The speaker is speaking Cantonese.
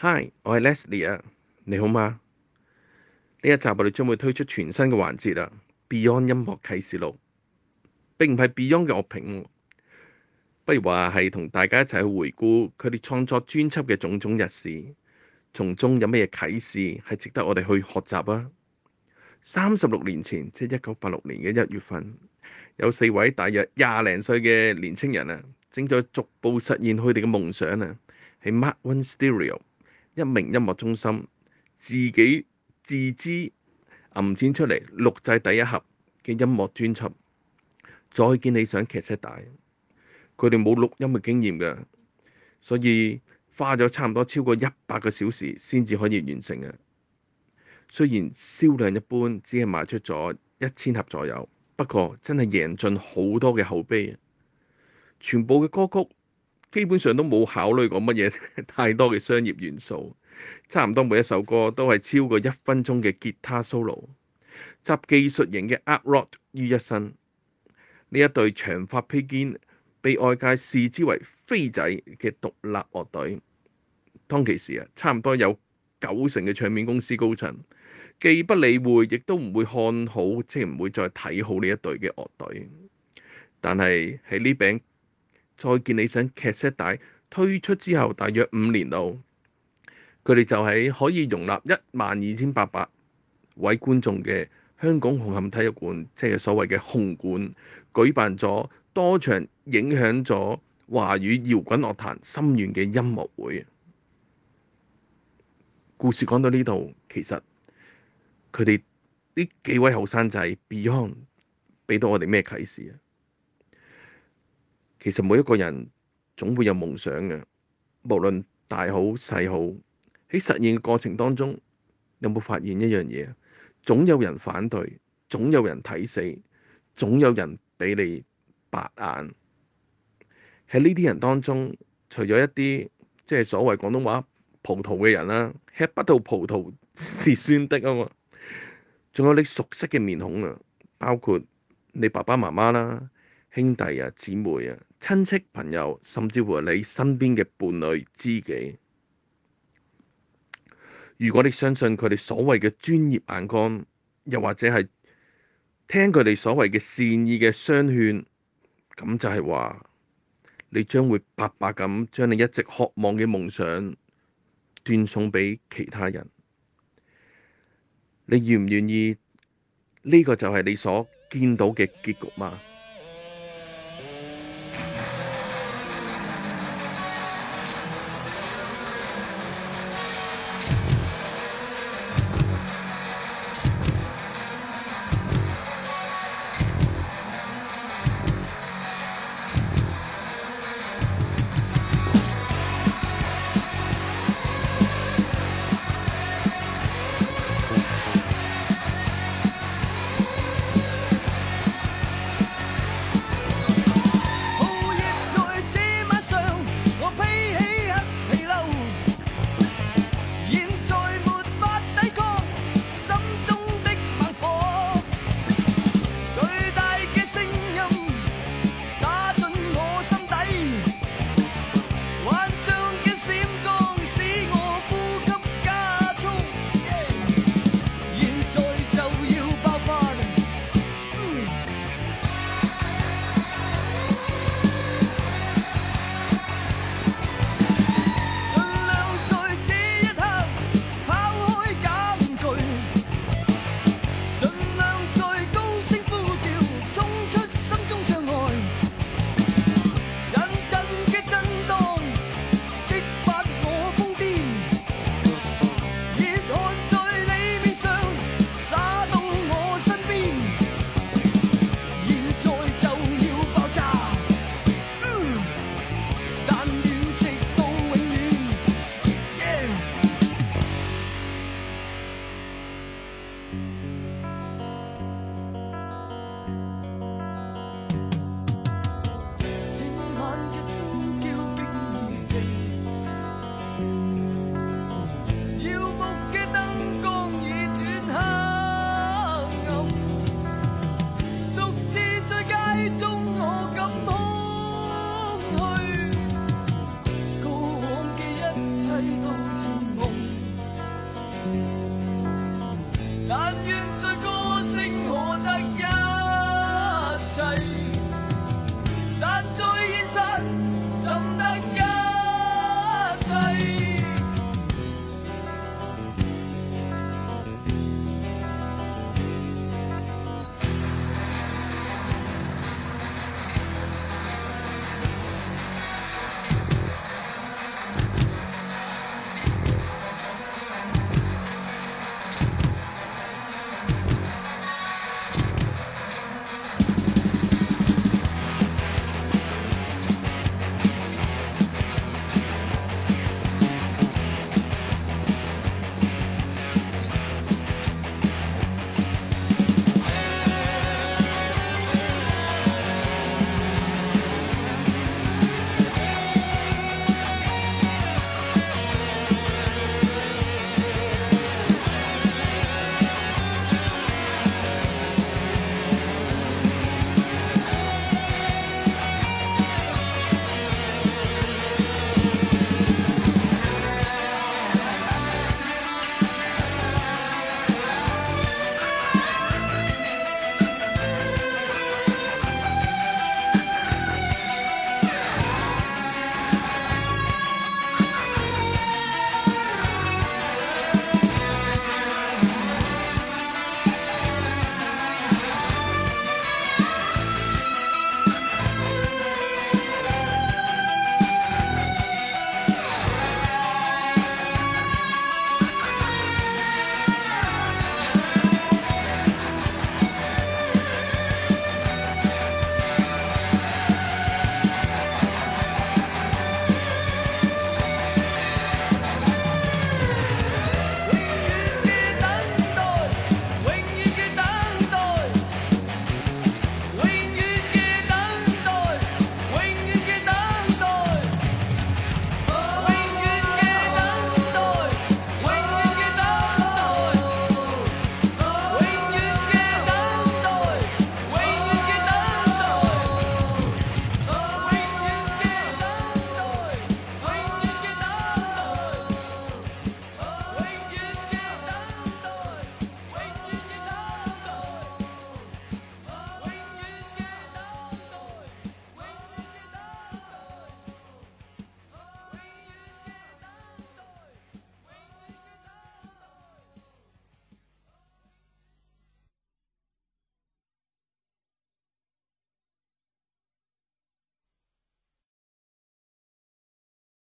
Hi，我係 Leslie 啊。你好嗎？呢一集我哋將會推出全新嘅環節啊。Beyond 音樂啟示錄並唔係 Beyond 嘅樂評，不如話係同大家一齊去回顧佢哋創作專輯嘅種種日事，從中有咩嘢啟示係值得我哋去學習啊。三十六年前，即係一九八六年嘅一月份，有四位大約廿零歲嘅年青人啊，正在逐步實現佢哋嘅夢想啊，係 Mark One Stereo。一名音樂中心自己自資揞錢出嚟錄製第一盒嘅音樂專輯，再見你想劇車帶，佢哋冇錄音嘅經驗嘅，所以花咗差唔多超過一百個小時先至可以完成嘅。雖然銷量一般，只係賣出咗一千盒左右，不過真係贏盡好多嘅口碑。全部嘅歌曲，基本上都冇考慮過乜嘢太多嘅商業元素，差唔多每一首歌都係超過一分鐘嘅吉他 solo，集技術型嘅 art rock 於一身。呢一隊長髮披肩，被外界視之為飛仔嘅獨立樂隊。當其時啊，差唔多有九成嘅唱片公司高層，既不理會，亦都唔會看好，即係唔會再睇好呢一隊嘅樂隊。但係喺呢柄再見理想劇 set 帶推出之後，大約五年度，佢哋就喺可以容納一萬二千八百位觀眾嘅香港紅磡體育館，即係所謂嘅紅館，舉辦咗多場影響咗華語搖滾樂壇深遠嘅音樂會。故事講到呢度，其實佢哋呢幾位後生仔 Beyond 俾到我哋咩啟示啊？其實每一個人都總會有夢想嘅，無論大好細好，喺實現嘅過程當中，有冇發現一樣嘢？總有人反對，總有人睇死，總有人俾你白眼。喺呢啲人當中，除咗一啲即係所謂廣東話葡萄嘅人啦，吃不到葡萄是酸的啊嘛，仲有你熟悉嘅面孔啊，包括你爸爸媽媽啦。兄弟啊，姊妹啊，親戚朋友，甚至乎你身邊嘅伴侶、知己，如果你相信佢哋所謂嘅專業眼光，又或者係聽佢哋所謂嘅善意嘅相勸，咁就係話你將會白白咁將你一直渴望嘅夢想斷送俾其他人。你願唔願意？呢個就係你所見到嘅結局嗎？